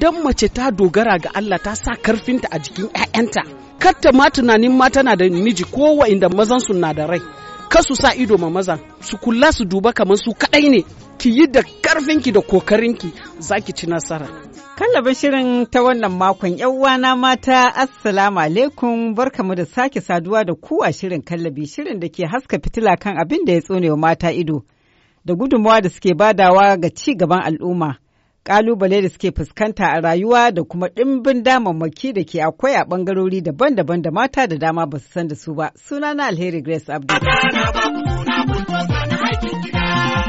idan mace ta dogara ga Allah ta sa karfinta a jikin 'ya'yanta katta ma tunanin ma tana da miji ko wa'inda mazan su na da rai kasu sa ido ma mazan su kula su duba kamar su kaɗai ne ki yi da karfinki da kokarinki ki ci nasara kallaba shirin ta wannan makon uwana mata assalamu alaikum barkamu da sake saduwa da kuwa shirin kallabi shirin da ke haska fitila kan abin da ya wa mata ido da gudunmawa da suke badawa ga ci gaban al'umma kalubale da suke fuskanta a rayuwa da kuma ɗimbin damammaki da ke akwai a ɓangarori daban-daban da mata da dama ba su san da su ba. suna na Alheri Grace Abdul.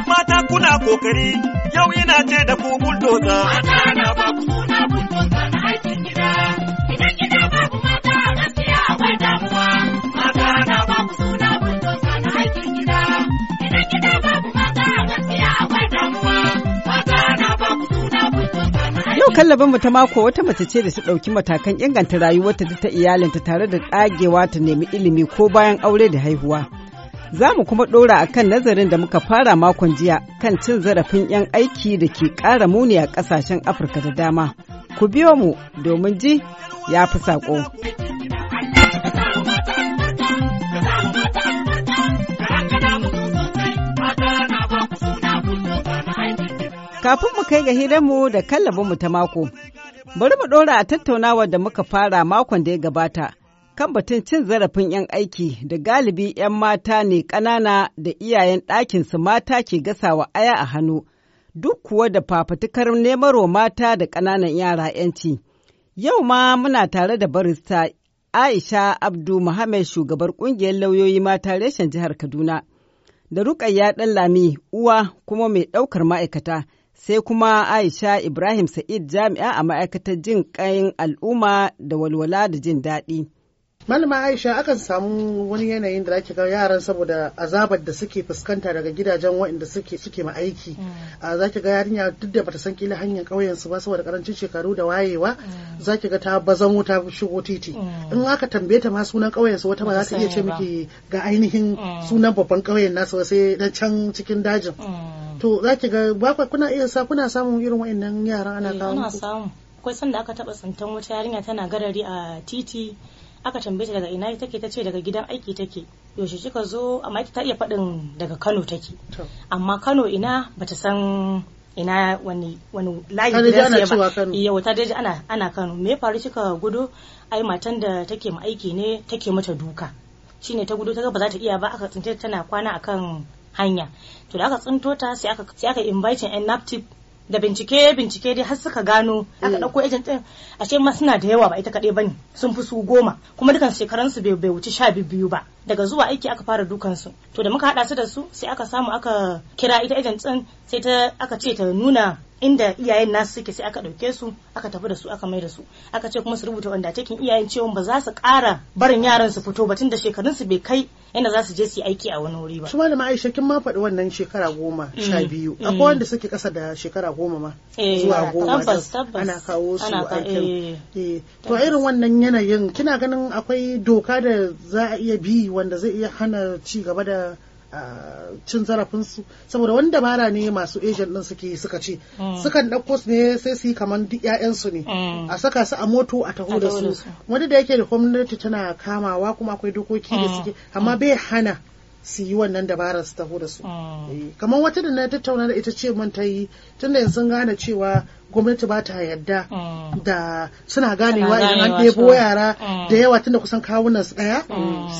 Mata kuna kokari yau ina ce da ku ku Yau kallabin mu ta mako wata mace ce da su ɗauki matakan inganta rayuwarta da ta iyalinta tare da ɗagewa ta nemi ilimi ko bayan aure da haihuwa. Za mu kuma ɗora a kan nazarin da muka fara makon jiya kan cin zarafin 'yan aiki da ke ƙara muni a ƙasashen Afirka da dama. Ku biyo mu domin ji ya fi saƙo. Kafin mu kai ga mu da kallabin mu ta mako, bari mu ɗora a tattaunawar da muka fara makon da ya gabata kan batun cin zarafin 'yan aiki da galibi 'yan mata ne ƙanana da iyayen ɗakinsu mata ke gasawa aya a hannu, duk kuwa da fafatukar nemarwa mata da ƙananan yara 'yanci. Yau ma muna tare da barista Aisha Abdu Muhammad shugabar ƙungiyar lauyoyi mata reshen jihar Kaduna, da Rukayya lami uwa kuma mai ɗaukar ma'aikata. sai kuma Aisha Ibrahim Sa'id jami'a a ma'aikatar jin ƙayin al'umma da walwala da jin daɗi. Malama Aisha akan samu wani yanayin da ake ga yaran saboda azabar da suke fuskanta daga gidajen waɗanda suke suke ma aiki. Mm. Za ki ga yarinya duk da bata san kila hanyar ƙauyen su ba saboda karancin shekaru da wayewa mm. za ga ta bazamo ta shigo titi. Mm. In aka tambaye ta ma sunan ƙauyen su wata ba za ta iya ce miki ga ainihin sunan babban ƙauyen nasu sai na can cikin dajin. to za ki ga bakwai kuna iya sa kuna samun irin wa'annan yaran ana eh, kawo Kuna samu akwai sanda aka taba tsintan wata yarinya tana garari a titi aka tambaye ta daga ina take ta ce daga gidan aiki take yaushe kika zo amma ta iya faɗin daga Kano take amma Kano ina bata san ina wani wani layi da zai ba Iya wata daji ana ana Kano me faru kika gudu ai matan da take mu aiki ne take mata duka shine ta gudu ta ga ba za ta iya ba aka tsinta tana kwana akan hanya to da aka tsinto ta sai aka sai aka invite ɗan naptip da bincike bincike dai har suka gano aka mm. ɗauko agent ɗin ashe ma suna da yawa ba ita kaɗai bane sun fi su goma kuma dukan shekaran su bai wuce sha biyu ba daga zuwa aiki aka fara dukan su to da muka haɗa su da su sai aka samu aka kira ita agent ɗin sai ta aka ce ta nuna inda iyayen nasu suke sai aka ɗauke su aka tafi da su aka mai da su aka ce kuma su rubuta wanda cikin iyayen cewa ba za su kara barin yaran su fito ba tunda shekarun su bai kai yana za su je su yi aiki a wani wuri ba. Su malama Aisha kin ma faɗi wannan shekara goma mm. sha biyu. Mm. Akwai wanda suke ƙasa da shekara goma ma. Eh, zuwa goma ana kawo su aikin. Eh. Eh, to irin wannan yanayin kina ganin akwai doka da za a iya bi wanda zai iya hana ci gaba da cin zarafinsu saboda wani dabara ne masu agent din suke suka ce mm. sukan ɗauko su ne sai su yi kamar duk ƴaƴansu ne mm. a saka su a moto a taho da su wani da yake da gwamnati tana kamawa kuma akwai dokoki da mm. suke amma bai hana su yi wannan dabarar su taho da su ah. eh, kamar wata da na tattauna da ita ce man ta yi tun da yanzu gane cewa gwamnati ba ta yarda ah. da suna ganewa idan an ɗebo yara ah. da yawa tun da kusan kawunan su ɗaya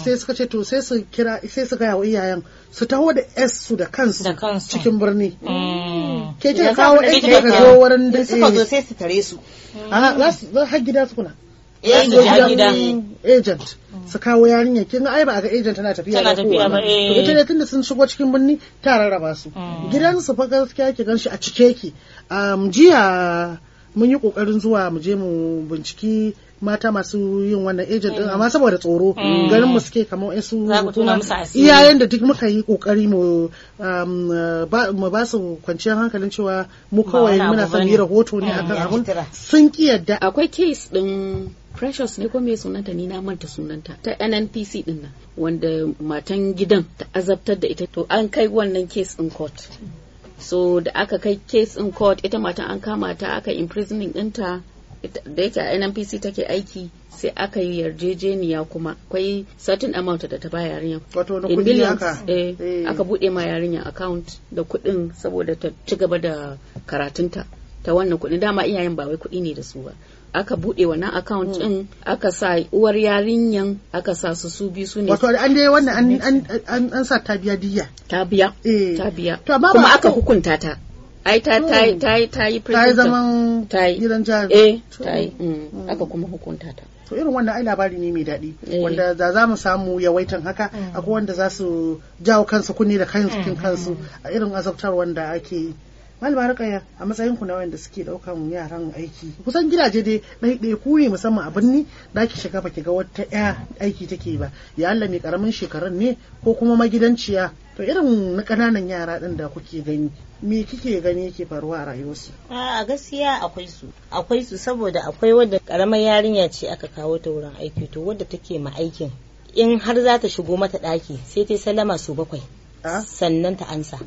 sai suka ce to sai su kira sai su gaya wa iyayen su taho da s su da kansu cikin birni ke ce kawo s daga zo wurin da suka zo sai su tare su su har gida su kuna agent su kawo yarinya kin ai ba ga agent tana tafiya ba tafiya ba to eh. ita tunda sun shigo cikin birni ta rarraba su mm. gidan su fa gaskiya ki ganshi a cike ki um, jiya mun yi kokarin zuwa mu je mu binciki mata masu yin wannan agent din mm. amma saboda tsoro mm. garin mu suke kamar su iyayen da duk muka yi kokari um, mu ba su kwanciyar hankalin cewa mu kawai muna son yi rahoto ne akan abun sun ki yadda akwai case din precious ne ko me sunanta ni na manta sunanta ta nnpc din nan wanda matan gidan ta azabtar da ita to an kai wannan case in court so da aka kai case in court ita matan an kama ta aka imprisoning ɗinta da yake a nnpc take aiki sai aka yi yarjejeniya kuma akwai certain amount da ta ba yarinya wato na kudi eh, eh aka bude ma yarinya account da kudin saboda ta ci gaba da karatunta ta wannan kudin dama iyayen ba wai kudi ne da su ba aka buɗe wannan account hmm. ɗin aka sa uwar yarinyan aka sa su su biyu su ne wato an dai wannan an sa ta biya diya ta biya eh. ta biya kuma aka hukunta ta ai ta ta yi oh. ta yi ta yi ta yi zaman gidan jari eh ta yi mm. hmm. aka kuma hukunta ta to irin wannan ai labari ne mai daɗi eh. wanda za za mu samu yawaitan haka hmm. akwai wanda za su jawo kansu kunne da kansu kansu a irin azabtar wanda ake malama rikaya a matsayin ku na wanda suke daukan yaran aiki kusan gidaje dai ɗaiɗai ku ne musamman a birni da ki shiga baki ga wata ya aiki take ba ya Allah mai karamin shekarun ne ko kuma magidanciya to irin na ƙananan yara ɗin da kuke gani me kike gani yake faruwa a rayuwarsu a gaskiya akwai su akwai su saboda akwai wanda karamar yarinya ce aka kawo ta wurin aiki to wadda take ma aikin in har za ta shigo mata ɗaki sai ta salama su bakwai ah? sannan ta ansa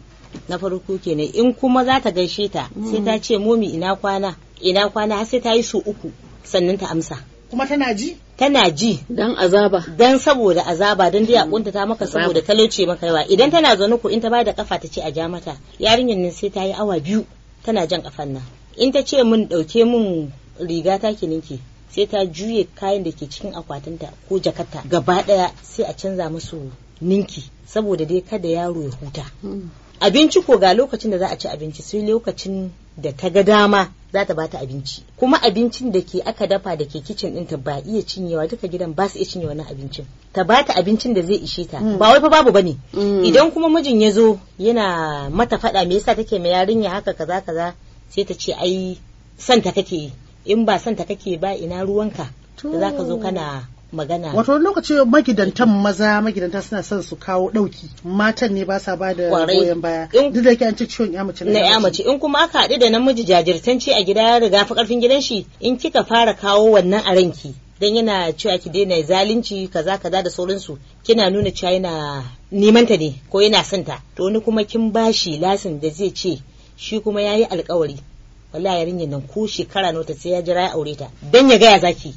na farko kenan in kuma za ta gaishe ta sai ta ce momi ina kwana ina kwana sai ta yi su uku sannan ta amsa kuma tana ji tana ji dan azaba dan saboda azaba dan dai akunta ta maka saboda talauce maka yawa idan tana zaune ko in ta bada kafa ta ce a ja mata yarinyar nan sai ta yi awa biyu tana jan kafan nan in ta ce mun dauke mun riga ta ki ninki sai ta juye kayan da ke cikin akwatinta ko jakarta gaba daya sai a canza musu ninki saboda dai kada yaro ya huta hmm. abinci ko ga lokacin da za a ci abinci sai lokacin da ta ga dama za ta bata abinci kuma abincin da ke aka dafa da ke kicin din ta ba iya cinyewa duka gidan ba su iya cinye wannan abincin ta bata abincin da zai ishe ta mm. ba wai fa babu bane mm. idan kuma mijin ya zo yana mata faɗa me yasa take mai yarinya haka kaza kaza sai ta ce ai santa kake in ba santa kake ba ina ruwanka za ka zo kana magana wato wani lokaci magidantan maza magidanta suna son su kawo ɗauki. matan ne ba sa ba da goyon baya duk da yake an ci ciwon ya na in kuma aka haɗu da namiji jajirtance a gida ya riga fa karfin gidan shi in kika fara kawo wannan a ranki dan yana cewa ki daina zalunci kaza kaza da sauransu kina nuna cewa yana nemanta ne ko yana son ta to wani kuma kin bashi lasin da zai ce shi kuma yayi alkawari wallahi yarinyar nan ko shekara nota sai ya jira ya aure ta dan ya gaya zaki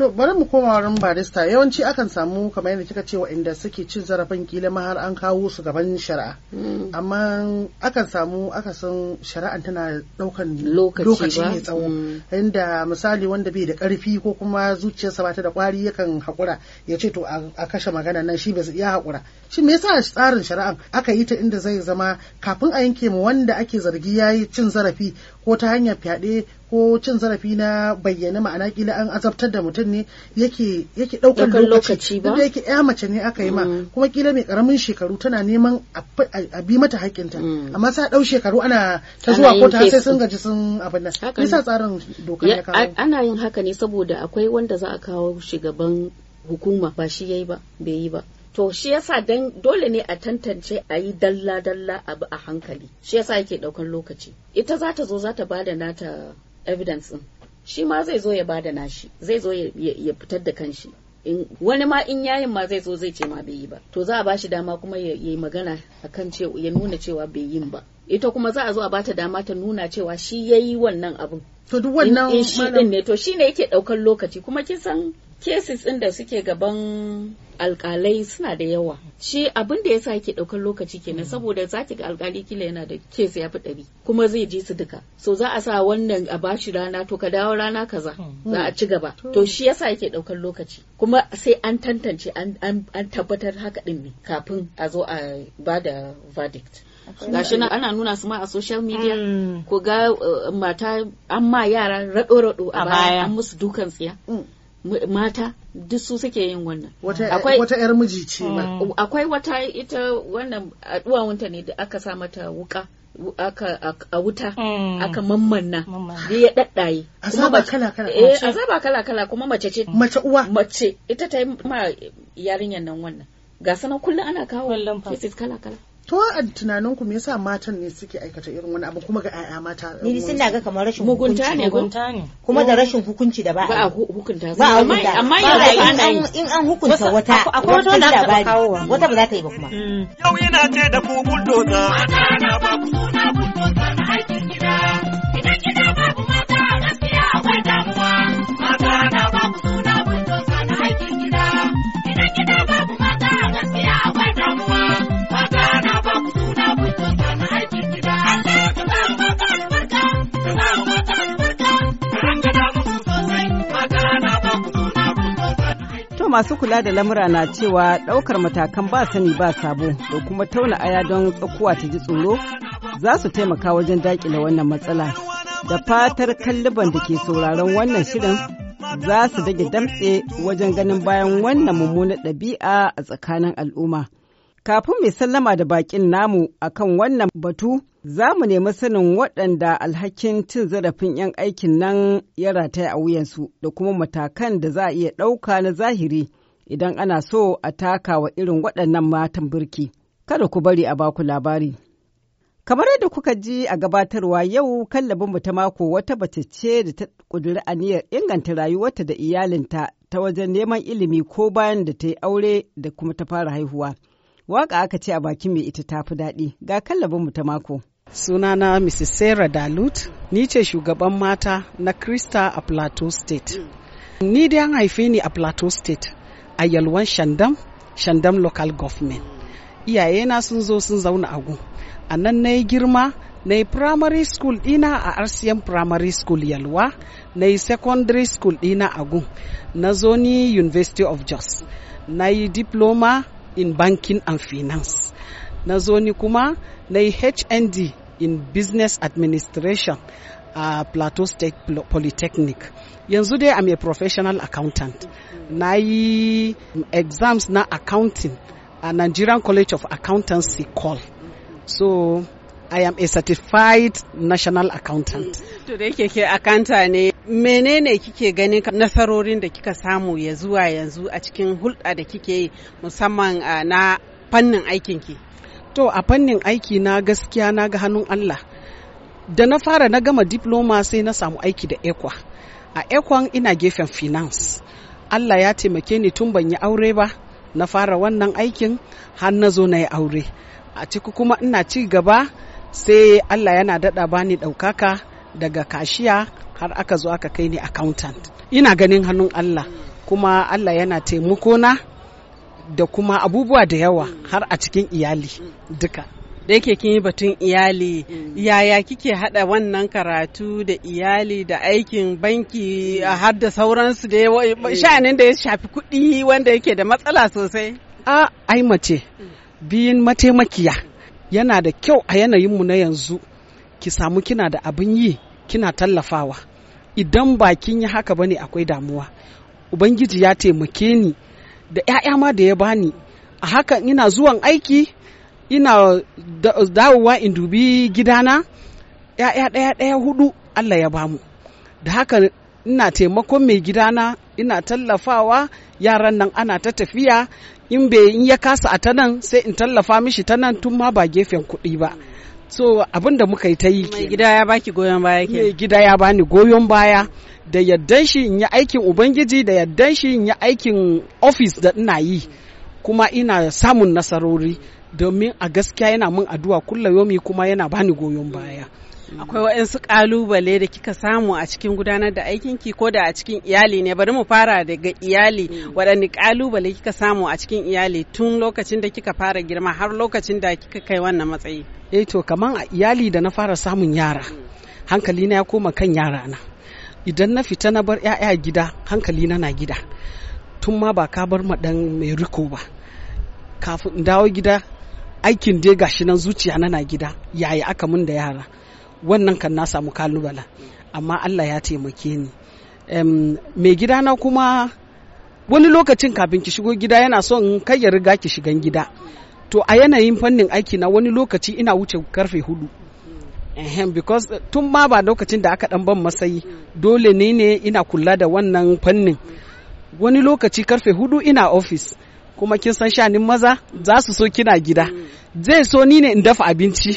To bari mu koma wurin barista yawanci akan samu kamar yadda kika ce inda suke cin zarafin kila ma har an kawo su gaban shari'a. Hmm. Amma akan samu aka san shari'an tana ɗaukan lokaci mai tsawo. Hmm. Inda misali wanda bai da karfi ko kuma zuciyarsa ba ta da kwari yakan hakura ya ce to a kashe magana nan shi bai iya hakura Shi me yasa tsarin shari'an aka yi ta inda zai zama kafin a yanke mu wanda ake zargi ya yi cin zarafi ko ta hanyar fyaɗe ko cin zarafi na bayyana ma'ana kila an azabtar da mutum ne yake ɗaukar lokaci ba da yake ya mace ne aka yi ma mm. kuma kila mai karamin shekaru tana neman a bi mata haƙƙinta mm. amma sa ɗau shekaru ana ta zuwa ko ta sai sun gaji sun abin nan nisa tsarin doka ya kawo ana yin haka ne saboda akwai wanda za a kawo shugaban hukuma ba shi yayi ba bai yi ba to shi yasa dan dole ne a tantance a yi dalla dalla abu a hankali shi yasa yake daukan lokaci ita za ta zo za ta bada nata evidence din shi ma zai zo ya bada nashi zai zo ya fitar da kanshi wani ma in yayin ma zai zo zai ce ma bai yi ba to za a bashi dama kuma ya yi magana akan cewa ya nuna cewa bai yin ba ita kuma za a zo a bata dama ta nuna cewa shi yayi wannan abun to duk wannan shi din ne to shine yake ɗaukar lokaci kuma kin san cases ɗin da suke gaban alkalai suna da yawa shi abin da ya sa yake ɗaukar lokaci kenan mm. saboda za ki ga alkali kila yana da kes ya fi ɗari kuma zai ji su duka so za a sa wannan a bashi rana to ka dawo rana kaza mm. za a ci gaba to shi sa yake ɗaukar lokaci kuma sai an tantance an tabbatar haka ɗin ne kafin a zo a ba da verdict gashi na ana nuna su ma a social media mm. ko ga uh, mata an ma yara raɗo-raɗo a baya an musu dukan tsiya mata duk su suke yin wannan wata yar miji ce mm. akwai wata ita wannan a duwawunta ne da aka sa mata wuka aka a wuta mm. aka mammanna da ya daddaye azaba kala kala eh azaba kala kala kuma mace ce mace uwa mace ita ta yi ma yarinyan nan wannan ga sanan kullum ana kawo cases kala kala to a tunanin ku me yasa matan ne suke aikata irin wani abu kuma ga ƴaƴa mata ni sun daga ga kamar rashin hukunci ne gunta ne kuma da rashin hukunci da ba a hukunta ba a hukunta amma yanzu in an hukunta wata akwai wata wanda ta kawo wata ba za ta yi ba kuma mm. yau yana ce da ku bulldozer mata mm. na ba ku na bulldozer na aiki masu kula da lamura na cewa ɗaukar matakan ba sani ba sabo da kuma tauna aya don tsakuwa ta ji tsoro za su taimaka wajen daƙile wannan matsala. Da fatar kalliban da ke sauraron wannan shirin za su dage damtse wajen ganin bayan wannan mummunar ɗabi'a a tsakanin al'umma. Kafin mai sallama da bakin namu akan wannan batu, za mu nemi sanin waɗanda alhakin cin zarafin 'yan aikin nan ya rataya a wuyansu da kuma matakan da za a iya ɗauka na zahiri idan ana so a taka wa irin waɗannan matan birki. Kada ku bari a baku labari. Kamar yadda kuka ji a gabatarwa yau kallabinmu ta mako wata bace ce da ta ƙudiri aniyar inganta rayuwarta da iyalinta ta wajen neman ilimi ko bayan da ta yi aure da kuma ta fara haihuwa. Waka aka ce a bakin mai ita tafi daɗi ga mu ta mako. Sunana Mrs. Sarah Dalut, ni ce shugaban mata na Krista a Plateau State. Ni dai an haife ni a Plateau State a Yalwan Shandam, Shandam Local Government. Iyayena sun zo sun zauna a A nan na yi girma, na yi primary school ɗina a RCM primary school Yalwa, na yi secondary school ɗina a Na zo ni University of Jos. Na yi diploma in banking and finance na zo ni kuma na yi hnd in business administration a uh, plateau state polytechnic yanzu dai am a professional accountant na yi exams na accounting a nigerian college of accountancy call so I am a certified national accountant. To da yake ke akanta ne menene kike ganin nasarorin da kika samu ya zuwa yanzu a cikin hulɗa da kike yi musamman na fannin aikin ki To a fannin aiki na gaskiya na ga hannun Allah. Da na fara na gama diploma sai na samu aiki da ekwa. A ekwan ina gefen finance. Allah ya taimake ni tun ban yi aure ba, na fara wannan aikin har na zo na yi aure. A ciki kuma ina ci gaba sai Allah yana daɗa bani ɗaukaka daga kashiya har aka zo aka kai ni accountant ina ganin hannun Allah kuma Allah yana taimako na da kuma abubuwa da yawa har a cikin iyali duka da yake kin yi batun iyali mm. yaya kike hada wannan karatu da iyali da aikin banki a mm. har da sauransu da mm. sha'anin da ya shafi kuɗi wanda yake da matsala sosai a ai mace biyin mataimakiya yana da kyau a yanayinmu na yanzu ki samu kina da abin yi kina tallafawa idan ba kin yi haka bane akwai damuwa ubangiji ya taimake ni da 'ya'ya ma da ya bani a haka ina zuwan aiki ina dawowa in dubi gidana 'ya'ya ɗaya ɗaya hudu allah ya bamu da haka ina taimakon mai gidana ina tallafawa yaran nan ana ta tafiya in bai in ya kasa a ta nan sai in tallafa mishi ta nan tun ma ba gefen kuɗi ba so abin da muka yi ta yi ke gida ya baki goyon baya ke gida ya bani goyon baya da yaddan shi in yi aikin ubangiji da yaddan shi in yi aikin ofis da ina yi kuma ina samun nasarori domin a gaskiya yana min addu'a kulle yomi kuma yana bani goyon baya akwai waɗansu ƙalubale da kika samu a cikin gudanar da aikinki ko da a cikin iyali ne bari mu fara daga iyali mm. waɗanne ƙalubale kika samu a cikin iyali tun lokacin da kika fara girma har lokacin da kika kai wannan matsayi eh to kaman a iyali da na fara samun yara hankali na ya koma kan yara na idan na fita na bar 'ya'ya gida hankali na na gida tun ma ba ka bar maɗan mai riko ba kafin dawo gida aikin dai gashi nan zuciya na na gida yaya aka mun da yara wannan kan na samu kalubala amma Allah ya taimake ni mai gida na kuma wani lokacin kafin ki shigo gida yana son kai ya riga ki shigan gida to a yanayin fannin aiki na wani lokaci ina wuce karfe hudu ehem because tun ma ba lokacin da aka dan ban masayi dole ne ne ina kula da wannan fannin wani lokaci karfe hudu ina office kuma kin san shanin maza za su so kina gida mm. zai so ni ne in dafa abinci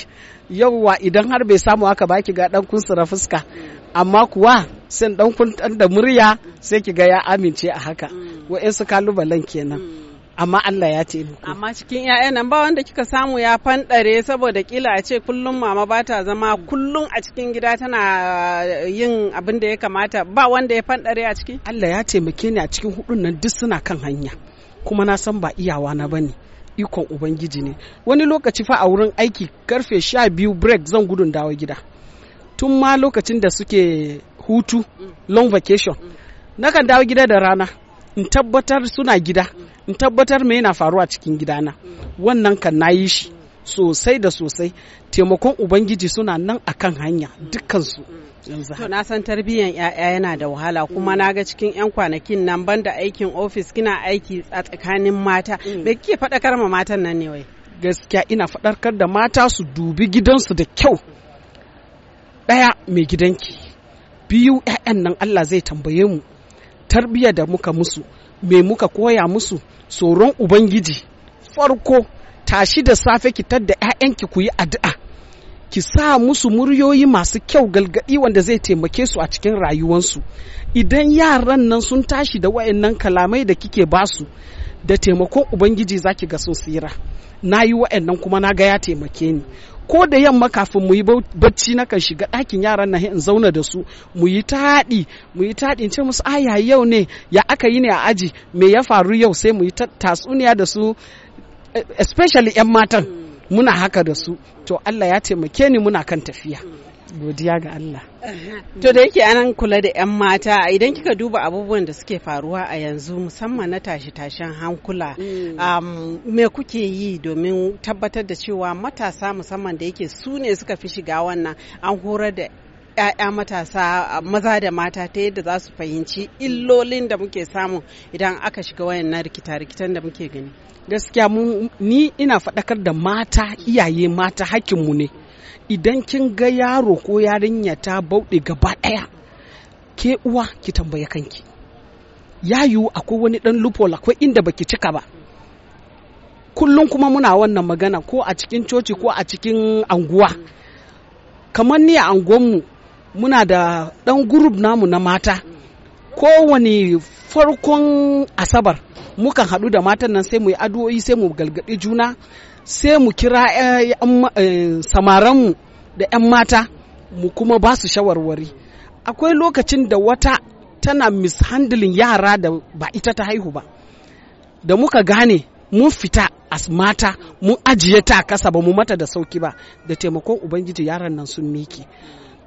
yauwa idan har bai samu haka baki ga dan sura fuska mm. amma kuwa sai dan kun da murya sai ki ga ya amince a haka mm. wa'ansu kalubalen kenan amma Allah ya taimako. Amma cikin 'ya'yan nan ba wanda kika samu ya fanɗare saboda kila a ce kullum mama ba ta zama kullum a cikin gida tana eh, yin abin da ya kamata ba wanda ya fanɗare a ciki? Allah ya taimake ni a cikin hudun nan duk suna kan hanya. kuma na san ba iyawa na bane ikon ubangiji ne wani lokaci fa a wurin aiki karfe sha biyu break zan gudun dawo gida tun ma lokacin da suke hutu long vacation nakan dawo gida da rana in tabbatar suna gida in tabbatar mai yana faruwa cikin gidana wannan kan na yi shi sosai da sosai taimakon ubangiji suna nan a kan hanya dukkansu to na san tarbiyyan yaya yana da wahala kuma na ga cikin yan kwanakin nan banda aikin ofis kina aiki a tsakanin mata mm. me kike faɗakar ma matan nan ne wai gaskiya ina faɗakar da mata su dubi gidansu da kyau ɗaya mai gidanki biyu 'ya'yan nan Allah zai tambaye mu tarbiyya da muka musu me muka koya musu tsoron ubangiji farko tashi da safe ki tadda 'ya'yanki ku yi addu'a ki sa musu muryoyi masu kyau galgadi wanda zai taimake su a cikin rayuwansu idan yaran nan sun tashi da wayannan kalamai da kike basu da taimakon ubangiji zaki ga sun tsira na yi wayannan kuma na ga ya taimake ni ko da yamma kafin mu yi bacci na kan shiga ɗakin yaran na in zauna da su mu yi taɗi mu yi taɗi ce musu aya yau ne ya aka yi ne a aji me ya faru yau sai mu yi tatsuniya da su especially 'yan matan muna haka da su to Allah ya taimake ni muna kan tafiya godiya ga Allah. To da yake anan kula da 'yan mata idan kika duba abubuwan da suke faruwa a yanzu musamman na tashi-tashen hankula mm. me kuke yi domin tabbatar da cewa matasa musamman da yake su ne suka fi shiga wannan an horar da 'ya'ya matasa maza da mata ta yadda za su fahimci illolin da muke samu idan aka shiga wayannan rikita-rikitan da muke gani gaskiya ni ina faɗakar da mata iyaye mata hakinmu ne idan kin ga yaro ko yarinya ta bauɗe gaba ɗaya ke uwa ki tambaya kanki ya yiwu akwai wani ɗan loophole akwai inda baki cika ba kullum kuma muna wannan magana ko a cikin coci ko a cikin anguwa kamar ni a anguwanmu muna da ɗan gurub namu na mata kowane farkon asabar mukan haɗu da matan nan sai mu yi addu'o'i sai mu galgaɗi juna sai mu kira eh, samaran mu samaranmu da 'yan mata mu kuma ba su shawarwari akwai lokacin da wata tana mishandling yara da ba ita ta haihu ba da muka gane mun fita as mata mun ajiye ta kasa ba mu mata da sauki ba da taimakon ubangiji yaran nan sun miki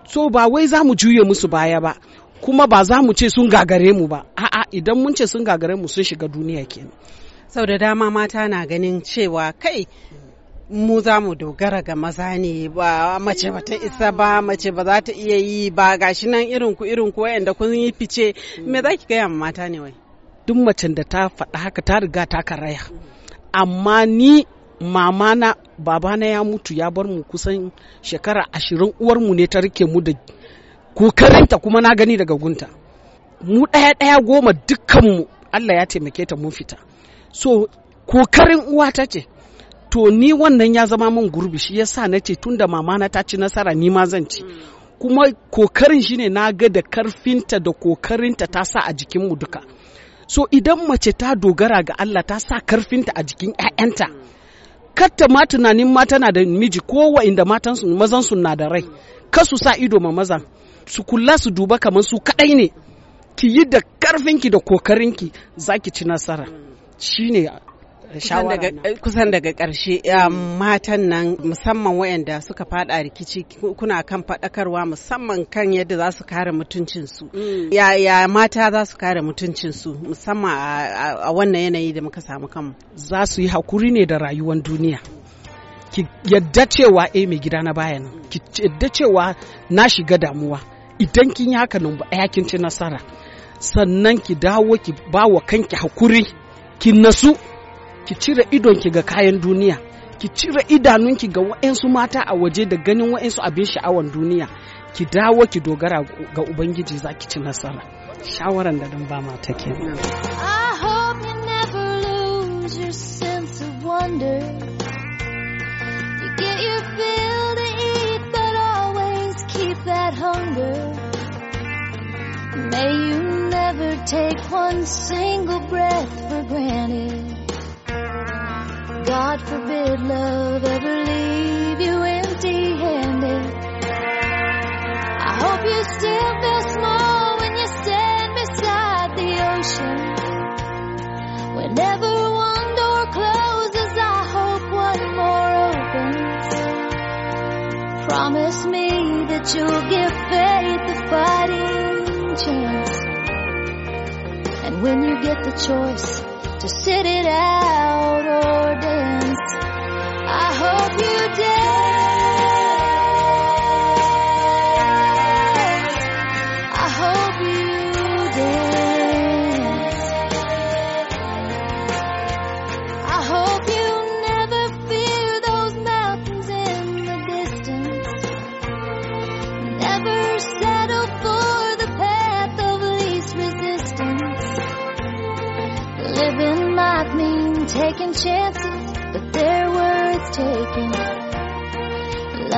so ba wai za mu juye musu baya ba kuma ba za mu ce sun gagare mu ba a'a idan mun ce sun gagare mu sun shiga duniya kenan sau da dama mata na ganin cewa kai mu za mu dogara ga maza ne ba mace ba ta isa ba mace ba za ta iya yi ba gashi nan irin ku irin ku wayanda kun yi fice me za ki gaya mata ne wai duk macen da ta faɗa haka ta riga ta karaya amma ni mama na baba na ya mutu ya bar mu kusan shekara ashirin uwar mu ne ta rike mu da kokarinta kuma na gani daga gunta mu ɗaya ɗaya goma dukkanmu Allah ya taimake ta mun fita so kokarin uwa ta ce to ni wannan ya zama min gurbi shi yasa na ce tunda mama na ta ci nasara ni ma zan ci mm. kuma kokarin shine na ga da karfinta da kokarinta ta sa a jikinmu duka so idan mace ta dogara ga Allah ta sa karfinta a jikin 'ya'yanta mm. katta ma tunanin mata na da miji ko wa'inda matan mazan su na da rai ka su sa ido ma mazan su kula su duba kamar su kaɗai ne ki yi da karfinki da kokarinki zaki ci nasara shine kusan daga ƙarshe um, matan nan musamman wayanda suka fada rikici kuna kan faɗakarwa musamman kan yadda za su kare mutuncinsu mm. ya mata za su kare mutuncinsu musamman a wannan yanayi da muka samu kanmu za su yi hakuri ne da rayuwar duniya ki yadda cewa eh mai gida na bayan ki yadda cewa na shiga damuwa idan kin yi haka nan ba kin ci nasara sannan ki dawo ki ba wa kanki hakuri ki nasu ki cire idonki ga kayan duniya ki cire idanunki ga wa'ensu mata a waje da ganin wa'ensu abin sha'awan duniya ki dawo ki dogara ga ubangiji za ki ci nasara shawaran da dan ba mata ke May you never take one single breath for granted. God forbid love ever leave you empty handed. I hope you still feel small when you stand beside the ocean. Whenever one door closes, I hope one more opens. Promise me that you'll give faith a fighting chance. And when you get the choice, to sit it out or dance.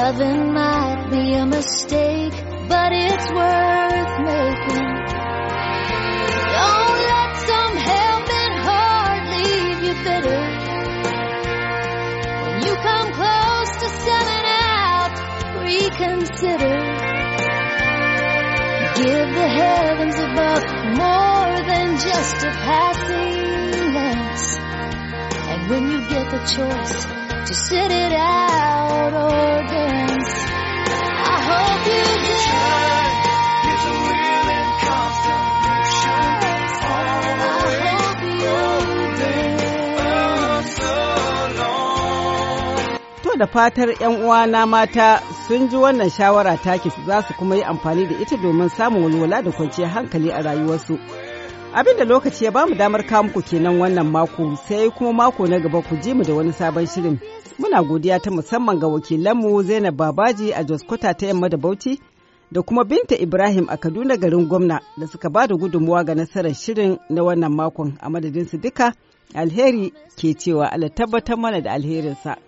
Loving might be a mistake, but it's worth making. Don't let some helping heart leave you bitter. When you come close to selling out, reconsider. Give the heavens above more than just a passing glance. And when you get the choice, to sit it out or oh, dance. I hope you da fatar 'yan uwana mata sun ji wannan shawara taki za su kuma yi amfani da ita domin samun walwala da kwanciyar hankali a rayuwarsu. Abin da lokaci ya bamu damar muku kenan wannan mako sai kuma mako na gaba ku ji mu da wani sabon shirin. Muna godiya ta musamman ga wakilanmu Zainab Babaji a jos kota ta yamma da Bauchi da kuma Binta Ibrahim a Kaduna garin gwamna da suka ba da gudunmuwa ga nasarar shirin na wannan makon a madadinsu duka alheri ke cewa ala tabbatar mana da alherinsa.